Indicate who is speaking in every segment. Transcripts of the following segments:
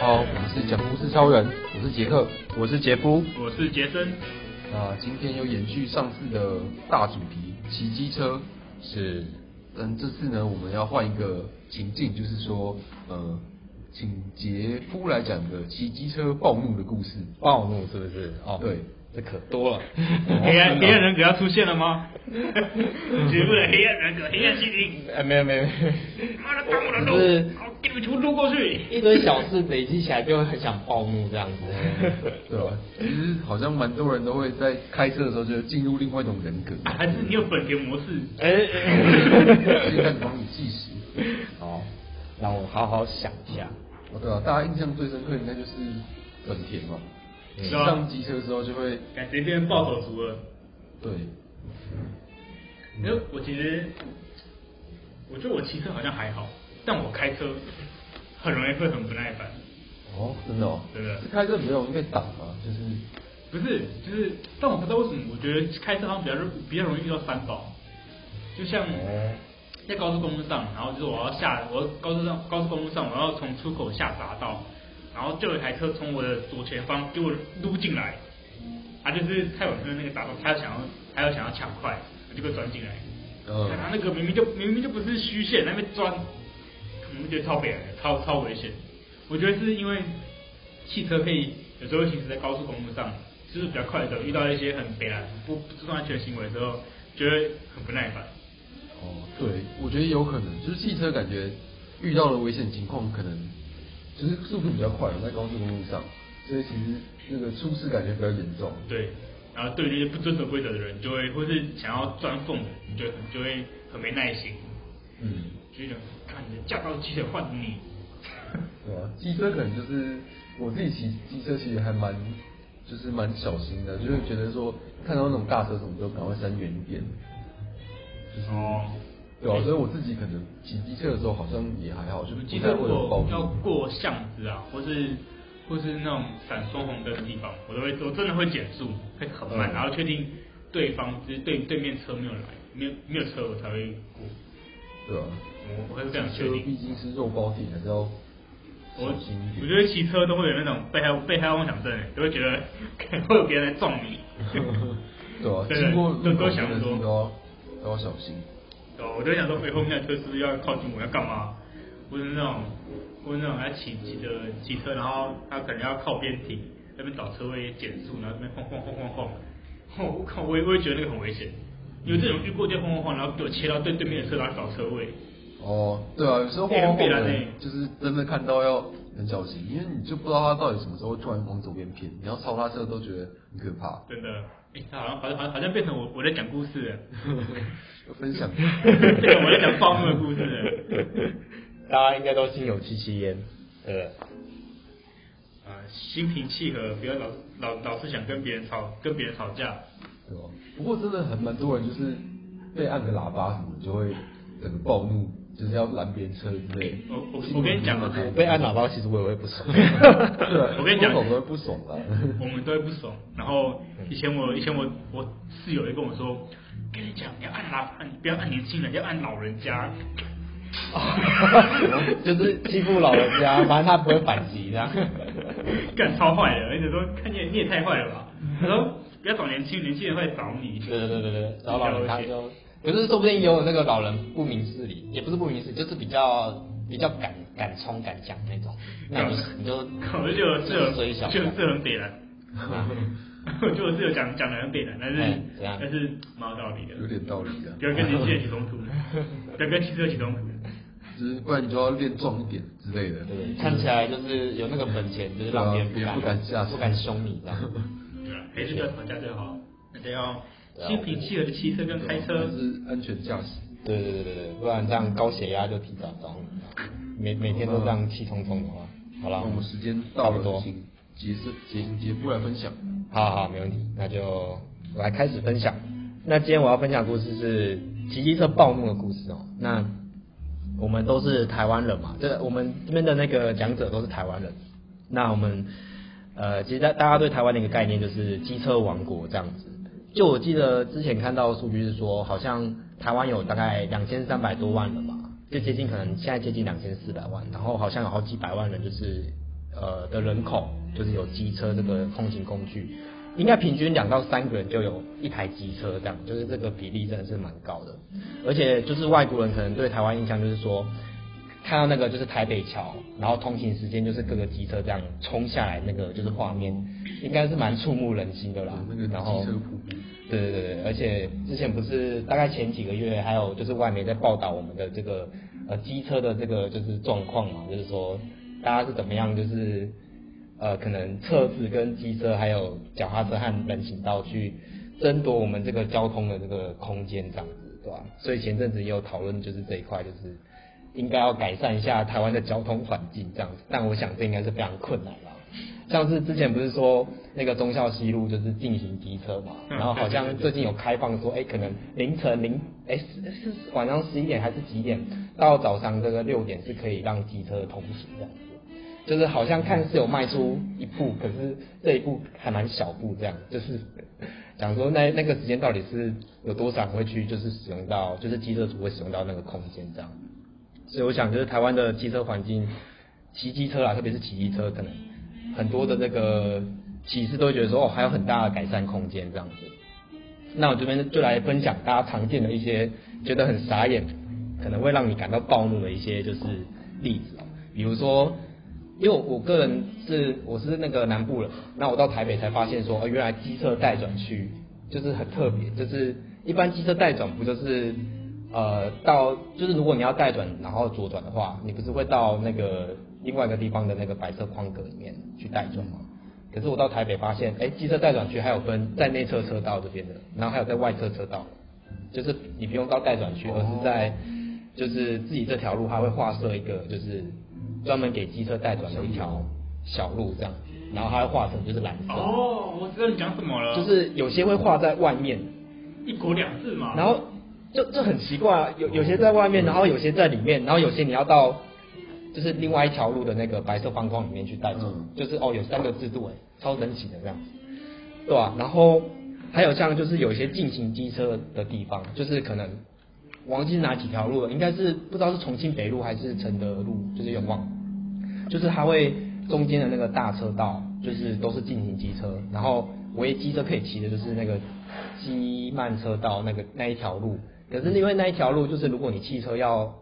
Speaker 1: 好，我們是講故事超人，我是杰克，我是杰夫，我是杰森。啊、呃，今天又延續上次的大主題，騎機車。是，嗯，這次呢，我們要換一個情境，就是說，呃，請杰夫來講個騎機車暴怒的故事，暴怒是不是？哦，
Speaker 2: 對。這可多了，哦、黑暗黑暗人格要出現了嗎？絕不能黑暗人格， 黑暗心靈。哎，沒有沒有沒有。媽的，擋我的路，就是給你們突突過去，
Speaker 3: 一堆小事累積起來就會很想暴怒這樣子。對啊，對吧 其實好
Speaker 1: 像蠻多人都會在開車的時候就進入另外一種人格。啊、還是
Speaker 2: 你有本田模式？哎、欸、哎。現在幫你計時。
Speaker 1: 好，那我好好想一下。哦、對啊，大家印象最深刻應該就是本田吧。嗯、上機車之後就
Speaker 2: 會感覺變暴走族了。對、嗯。因為我其實，我覺得我騎車好像還好，但我開車很容易會很不耐煩。
Speaker 1: 哦，真的、哦？對不對？開車很容易被擋嘛、啊，就是。
Speaker 2: 不是，就是，但我不知道為什麼，我覺得開車好像比較比較容易遇到三寶，就像在高速公路上，然後就是我要下，我要高速上高速公路上我要從出口下匝道。然後就有一台車從我的左前方給我擼進來，他、啊、就是太往那那個匝道，他要想要他要想要搶快，他就會鑽進來。嗯、呃，他那個明明就明明就不是虛線，那邊鑽，我覺得超悲哀，超超危險。我覺得是因為汽車可以有時候行駛在高速公路上，就是比較快的時候，遇到一些很悲哀、不不安全的行為之後，覺得很不耐煩。
Speaker 1: 哦，對，我覺得有可能，就是汽車感覺遇到了危險情況，可能。就是速度比較快，在高速公路上，所以其實那個舒適感覺比較嚴重。
Speaker 2: 對，然後對那些不遵守規則的人，就會或是想要鑽縫，你就就會很沒耐心。嗯，所以講，看你的駕照機車換你。
Speaker 1: 對啊，機車可能就是我自己騎機車，駕駕其實還蠻就是蠻小心的，嗯，就是覺得說看到那種大車什麼就趕快閃遠一點。是，嗯、 哦。對啊，所以我自己可能騎機車的時候好像也還好，就是機車如
Speaker 2: 果要過巷子啊，或是或是那種閃爍紅燈的地方，我都會我真的會減速，會很慢，然後確定對方就是對對面車沒有來，沒有沒有車我才會過。
Speaker 1: 對啊，我我是這樣確定。畢竟是肉包地，還
Speaker 2: 是要小心一點。我覺得騎車都會有那種被害被害妄想症、欸，就會覺得可能會有別人來撞你。對啊，經過所以就都口的時
Speaker 1: 候都要，要小心。
Speaker 2: 我就想說，背後面的車是不是要靠近我，要幹嘛？不是那種，不是那種來騎，急的汽車，然後他可能要靠邊停，那邊找車位減速，然後這邊晃晃晃晃晃。我靠，我也我也覺得那個很危險，因為這種就過掉晃晃晃，然後給我切到對對面的車，然後找車位。
Speaker 1: 哦，對啊，有時候必然呢，就是真的看到要很小心，因為你就不知道他到底什麼時候會突然往左邊偏，你要超他車都覺得很可
Speaker 2: 怕。真的。哎、欸，他好像好像好像好像變成我我在講故事了，我 分享。 變成我在講暴怒的故事了。
Speaker 3: 大家應該都心有戚戚焉。
Speaker 2: 呃、啊，心平氣和，不要老老老是想跟別人吵，跟別人吵架。
Speaker 1: 對哦、啊。不過真的很蠻多人就是被按個喇叭什麼，就會整個暴怒。就是要攔邊車之類、欸。我我我跟你講我被按喇
Speaker 2: 叭，其實我也會不爽。 我跟你講，我們都會不爽，我們都會不爽。 然後以前我以前我我室友也跟我說，跟你講，你要按喇叭，不要按年輕人，要按老人家。
Speaker 3: 就是欺負老人家， 反正他不會反擊這樣。
Speaker 2: 幹 超壞的，而且說，看見你也太壞了吧？他 說，不要找年輕人，年輕人會找你。對對對對對，找老人家可是，說不定也有
Speaker 3: 那個老人不明事理，也不是不明事理，就是比較比較敢敢衝敢講那種，
Speaker 2: 那你，你就可能就有這種思想，就這、是、很北爛。就我室友，講講的很北爛，但是但是蠻有道理的，有點道理的。比如跟你借起衝突，再 跟汽車有中，起衝
Speaker 1: 突，就是不然你就要練壯一點之類的。對，對的，看
Speaker 2: 起來就是有那個本錢，就是讓別、啊、人不敢不敢下手，就不敢凶你這樣。對， 還是叫吵架最好，對 哦。心平氣和的騎車跟開車，
Speaker 3: 是安全駕駛。對對對對，不然這樣高血壓就提早到了。每每天都這樣氣冲冲的話，好啦。那我們時間到了，差不多，結結結不來分享。好好，沒問題，那就我來開始分享。那今天我要分享的故事是《騎機車暴怒的故事》哦。那我們都是台灣人嘛，這我們這邊的那個講者都是台灣人。那我們呃，其實大大家對台灣的一個概念就是機車王國這樣子。就我記得之前看到數據是說，好像台灣有大概兩千三百多萬人吧，就接近可能現在接近兩千四百萬，然後好像有好幾百萬人就是呃的人口，就是有機車這個通行工具，應該平均兩到三個人就有一台機車這樣，就是這個比例真的是蠻高的，而且就是外國人可能對台灣印象就是說，看到那個就是台北橋，然後通行時間就是各個機車這樣衝下來那個就是畫面，應該是蠻觸目人心的啦，然後。那個對對對，而且之前不是大概前幾個月，還有就是外媒在報道我們的這個呃機車的這個就是狀況嘛，就是說大家是怎麼樣就是呃可能車子跟機車還有腳踏車和人行道去爭奪我們這個交通的這個空間這樣子，對吧？所以前陣子也有討論就是這一塊，就是應該要改善一下台灣的交通環境這樣子，但我想這應該是非常困難的。像是之前不是說那個忠孝西路就是禁行機車嘛，然後好像最近有開放說，哎、欸，可能凌晨零哎是是晚上十一點還是幾點到早上這個六點是可以讓機車通行這樣子，就是好像看似有邁出一步，可是這一步還蠻小步這樣，就是想說那那個時間到底是有多少會去就是使用到，就是機車族會使用到那個空間這樣，所以我想就是台灣的機車環境，騎機車啊，特別是騎機車可能。很多的這個騎士都會覺得說哦，還有很大的改善空間這樣子。那我這邊就來分享大家常見的一些覺得很傻眼，可能會讓你感到暴怒的一些就是例子哦。比如說，因為我個人是我是那個南部人，那我到台北才發現說哦、呃，原來機車待轉區就是很特別，就是一般機車待轉不就是呃到就是如果你要待轉然後左轉的話，你不是會到那個。另外一個地方的那個白色框格裡面去待轉嘛，可是我到台北發現，哎，機車待轉區還有分在內側車道這邊的，然後還有在外側車道，就是你不用到待轉區，而是在就是自己這條路它會畫設一個就是專門給機車待轉的一條小路這樣，然後它會畫成就是藍色。哦，我知道你講什麼了。就是有些會畫在外面，一國兩制嘛。然後這這很奇怪啊，有有些在外面，然後有些在裡面，然後有些你要到。就是另外一條路的那個白色方框裡面去帶走、嗯，就是哦有三個制度哎、欸，超神奇的這樣子，對吧、啊？然後還有像就是有一些禁行機車的地方，就是可能我忘記哪幾條路了，應該是不知道是重慶北路還是承德路，就是永旺，就是它會中間的那個大車道就是都是禁行機車，然後唯一機車可以騎的就是那個機慢車道那個那一條路，可是因為那一條路就是如果你汽車要。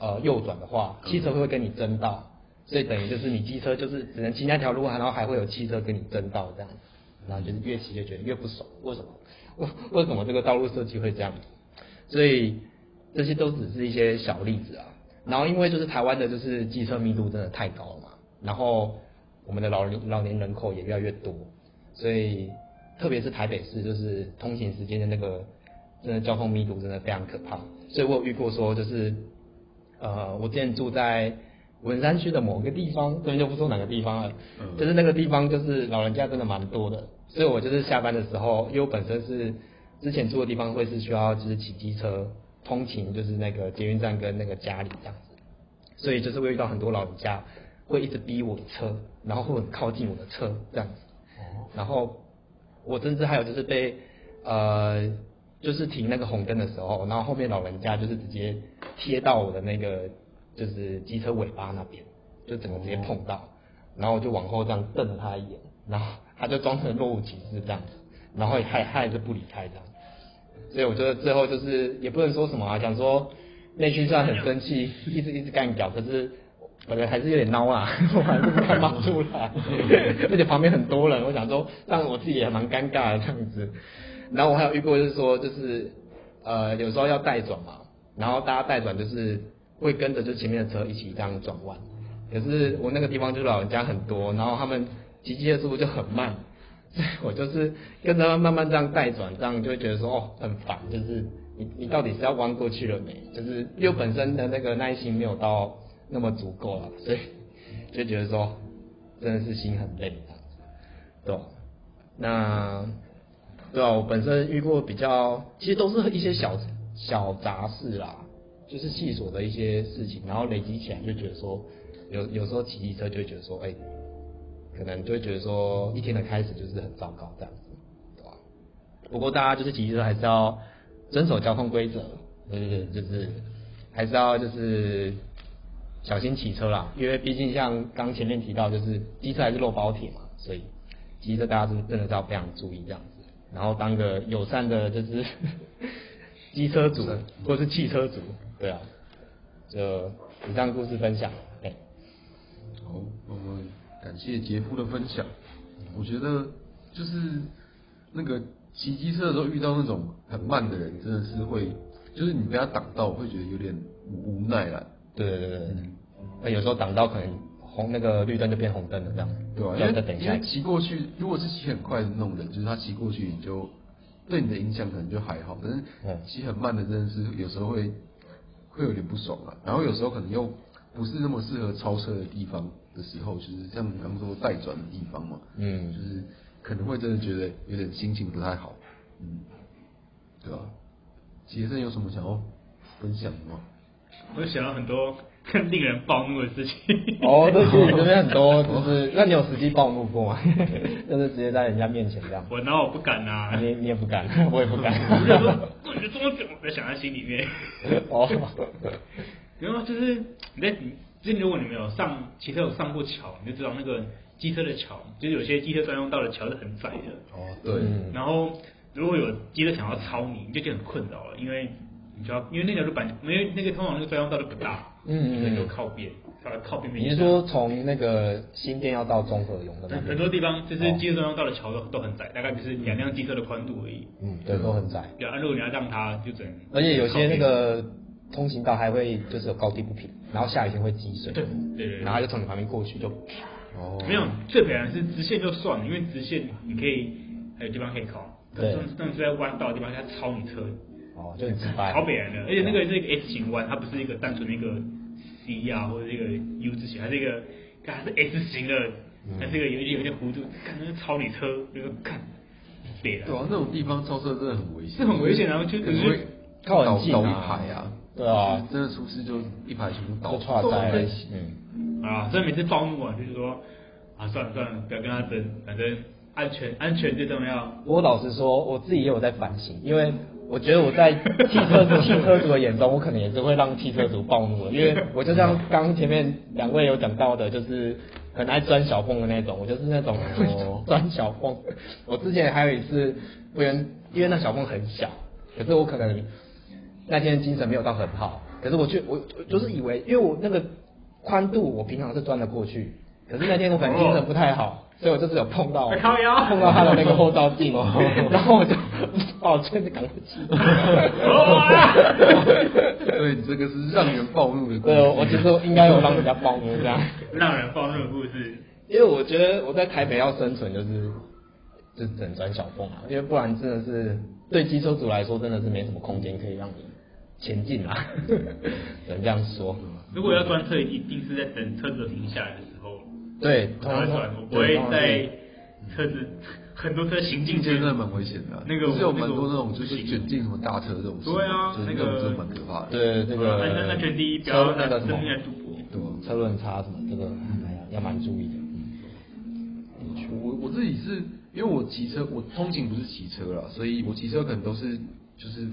Speaker 3: 呃，右轉的話，汽車會會跟你爭道，所以等於就是你機車就是只能騎那條路，然後還會有汽車跟你爭道這樣，然後就是越騎越覺得越不爽。為什麼？為為什麼這個道路設計會這樣？所以這些都只是一些小例子啊。然後因為就是台灣的就是機車密度真的太高了嘛，然後我們的老齡老年人口也越來越多，所以特別是台北市就是通勤時間的那個，真的交通密度真的非常可怕。所以我有遇過說就是。呃，我之前住在文山區的某個地方，對，就不說哪個地方了啊，就是那個地方，就是老人家真的蠻多的，所以我就是下班的時候，因為我本身是之前住的地方會是需要就是騎機車通勤，就是那個捷運站跟那個家裡這樣子，所以就是會遇到很多老人家會一直逼我的車，然後會很靠近我的車這樣子，然後我甚至還有就是被呃就是停那個紅燈的時候，然後後面老人家就是直接。貼到我的那個就是機車尾巴那邊，就整個直接碰到，然後我就往後這樣瞪了他一眼，然後他就裝成若無其事這樣子，然後也還還是不離開這樣，所以我覺得最後就是也不能說什麼啊，想說內心雖然很生氣，一直一直幹搞，可是我覺得還是有點孬啊，我還是看不出來， 而且旁邊很多人，我想說讓我自己也蠻尷尬的這樣子，然後我還有遇過就是說就是呃有時候要帶轉嘛。然後大家待轉就是會跟着就前面的車一起這樣轉彎，可是我那個地方就老人家很多，然後他們騎機的速度就很慢，所以我就是跟着慢慢這樣待轉，這樣就會覺得說哦很煩，就是你你到底是要彎過去了沒？就是又本身的那個耐心沒有到那麼足夠了，所以就覺得說真的是心很累，對，那，對啊，我本身遇過比較其實都是一些小。小雜事啦，啊，就是細瑣的一些事情，然後累積起來就覺得說，有有時候騎機車就會覺得說，哎、欸，可能就會覺得說一天的開始就是很糟糕這樣子，對吧，啊？不過大家就是騎機車還是要遵守交通規則，嗯，就是，就是，還是要就是小心騎車啦，因為畢竟像剛前面提到，就是機車還是肉包鐵嘛，所以機車大家是真的是要非常注意這樣子，然後當個友善的，就是。
Speaker 2: 呵呵機車組，或是汽車
Speaker 3: 組。對啊，就以上故事分享。對。
Speaker 1: 好，我們、嗯、感謝傑夫的分享。我覺得就是那個騎機車的時候遇到那種很慢的人，真的是會，就是你被他擋到，
Speaker 3: 會覺得有點無奈啦。對對對對、嗯、有時候擋到可能紅那個綠燈就變紅燈了，這樣。對啊，因為
Speaker 1: 騎過去，如果是騎很快的那種人，就是他騎過去你就。對你的影響可能就還好，但是騎很慢的真的是有時候會會有點不爽啊。然後有時候可能又不是那麼適合超車的地方的時候，就是像我們剛，剛說待轉的地方嘛，嗯、嗯，就是可能會真的覺得有點心情不太好，嗯，
Speaker 2: 對吧、啊？
Speaker 1: 傑森有什麼想要分
Speaker 3: 享的
Speaker 2: 嗎？我想了很多。更 令人暴怒的事情哦、oh,，這些裡面很多，就是那你有
Speaker 3: 實際暴怒過嗎？ 就是直接在人家面前這樣？
Speaker 2: 我那我不敢啊你，你你也不敢，我也不敢。就是說，我就在想在心裡面。哦，然後就是，那就是如果你沒有上，其實有上過橋，你就知道那個機車的橋，就是有些機車專用道的橋是很窄的。哦、oh,，對。然後如果有機車想要超你，你就就很困擾了，因為你就要，因為那條路板，因為那個通往那個專用道都不大。嗯，嗯，嗯，那有靠邊，靠邊面。你是說
Speaker 3: 從那個新店要到中和用的很多
Speaker 2: 地方就是機車道的橋都、哦、都很窄，大概就是兩輛機車的寬度而已。嗯，對，都很窄。對，如果你要讓它就整，而且有些那個
Speaker 3: 通行道還會就是有高低不平、嗯，然後下雨天會積水。對對對、對。然後就從你旁邊過去就。對對對對哦。沒有，
Speaker 2: 最本的是直線就算了，因為直線你可以還有地方可以靠。對。但是在彎道的地方它超你車。哦，就很直白。潮北來的，而且那個是一個 S 型彎，啊，它不是一個單純的一個 C 呀，啊，或者一個 U 字型，它是一個，看還是 S 型的，它是一個有點有點弧度，嗯、看那超你車，就是看，對的。對啊，
Speaker 1: 那種地方超車真的很危險。是很危險，啊，然後就可是靠很近啊。一排啊對啊，真的出事就一排全部倒插在一
Speaker 2: 起。嗯，啊，所以每次超我，就是說啊，算了算了，不要跟他爭，反正。安全，安全最重要。我老
Speaker 3: 實說，我自己也有在反省，因為我覺得我在汽車主、 汽車主的眼中，我可能也是會讓汽車主暴怒的，因為我就像剛前面兩位有講到的，就是很愛鑽小縫的那種。我就是那種我鑽小縫。我之前還有一次不原，因為因為那小縫很小，可是我可能那天精神沒有到很好，可是我就我就是以為，因為我那個寬度我平常是鑽得過去，可是那天我感覺精神不太好。哦所以我就是有碰到，碰到他的那個後照鏡哦， 然後我就抱拳、哦、的感激。哇
Speaker 2: 所以
Speaker 3: 這個是讓人暴怒的故事。對、哦，我就是應該有讓人家暴怒這樣。讓人暴怒
Speaker 2: 的故事。因為我
Speaker 3: 覺得我在台北要生存就是，就只能鑽小縫啊，因為不然真的是對機車族來說真的是沒什麼空間可以讓你前進啦、
Speaker 2: 啊。只
Speaker 3: 能這樣說。如
Speaker 2: 果要鑽車，一定是在等車子停下來的時候。對，不會在車子，在車子、嗯、很多車行進間，那、嗯、蠻
Speaker 1: 危險的。那個，我那個是有蠻多那種，就是捲進什麼大車這種。對啊，就是、那個不會啊，那個就很可怕。的對那個，那個啊、安全第一，車那個，不要在
Speaker 3: 深夜賭車輪差什麼，這個還要蠻注意的。
Speaker 1: 嗯，我我自己是因為我騎車，我通勤不是騎車了，所以我騎車可能都是就是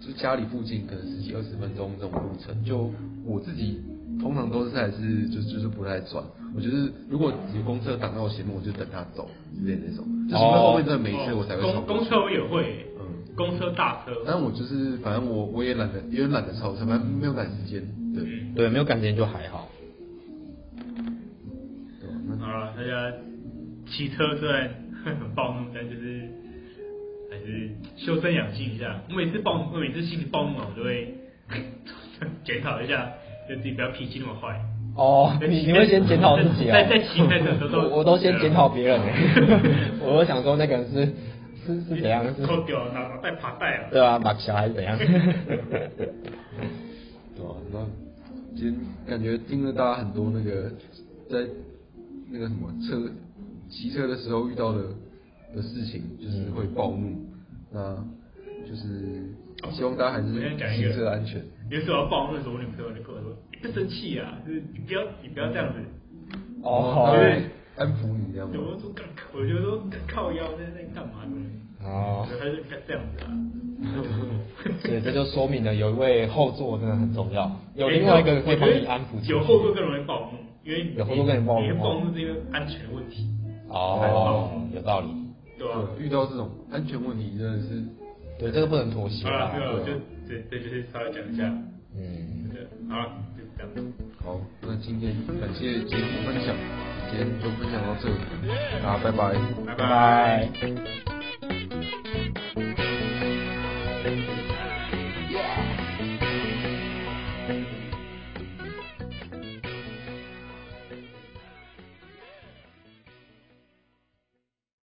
Speaker 1: 就家裡附近，可能十幾二十分鐘這種路程。就我自己。通常都是還是就是、就是不太轉，我就是如果有公車擋到我前面，我就等他走之類、就是、那種，哦、就是因後面真的沒車，我才會超、哦。公公
Speaker 2: 車我也會，嗯，公車大車。但我就
Speaker 3: 是反正我我也懶得，也懶得超，反正沒有趕時間，對、嗯、對，沒有趕時間就還好。對那好了，大家騎車雖然很暴怒，但就是還就是修
Speaker 2: 身養性一下。我每次暴，我每次心裡暴怒了，我就會檢討一下。 就自己不要脾氣那麼壞哦。Oh, 你會先檢討自己啊、喔？在在騎那個，我我都先檢討別人、欸。
Speaker 3: 我想說那個是是
Speaker 2: 是怎樣是，扣掉了拿拿帶爬帶啊。對啊，罵小孩怎樣。
Speaker 1: 哦、 嗯，那今天感覺聽了大家很多那個在那個什麼車騎車的時候遇到的的事情，就是會暴怒，那就是希望大家還是行車安全。因
Speaker 2: 為我要暴怒的時候，你們朋友就跟不生氣啊！就是你不要，你不要這樣子哦，因、oh, 為安撫你這樣子。有人說感，我覺得都靠，靠腰在在幹嘛呢？哦，還是這樣
Speaker 3: 子啊。對， 這就說明了，有一位後座真的很重要。欸、有另外一個人會幫你安撫。有後
Speaker 2: 座更容易暴怒，因為有後座更容易暴怒。別暴怒，是因為，因為這個安全問題。哦、oh,，有道理。對啊對，遇
Speaker 1: 到這種安全問題真的是，對這個不能妥協啊！我就是稍微講一下，
Speaker 2: 嗯，對好。好，
Speaker 1: 那今天感謝節目分享，今天就分享到這裡，大家拜拜，拜拜。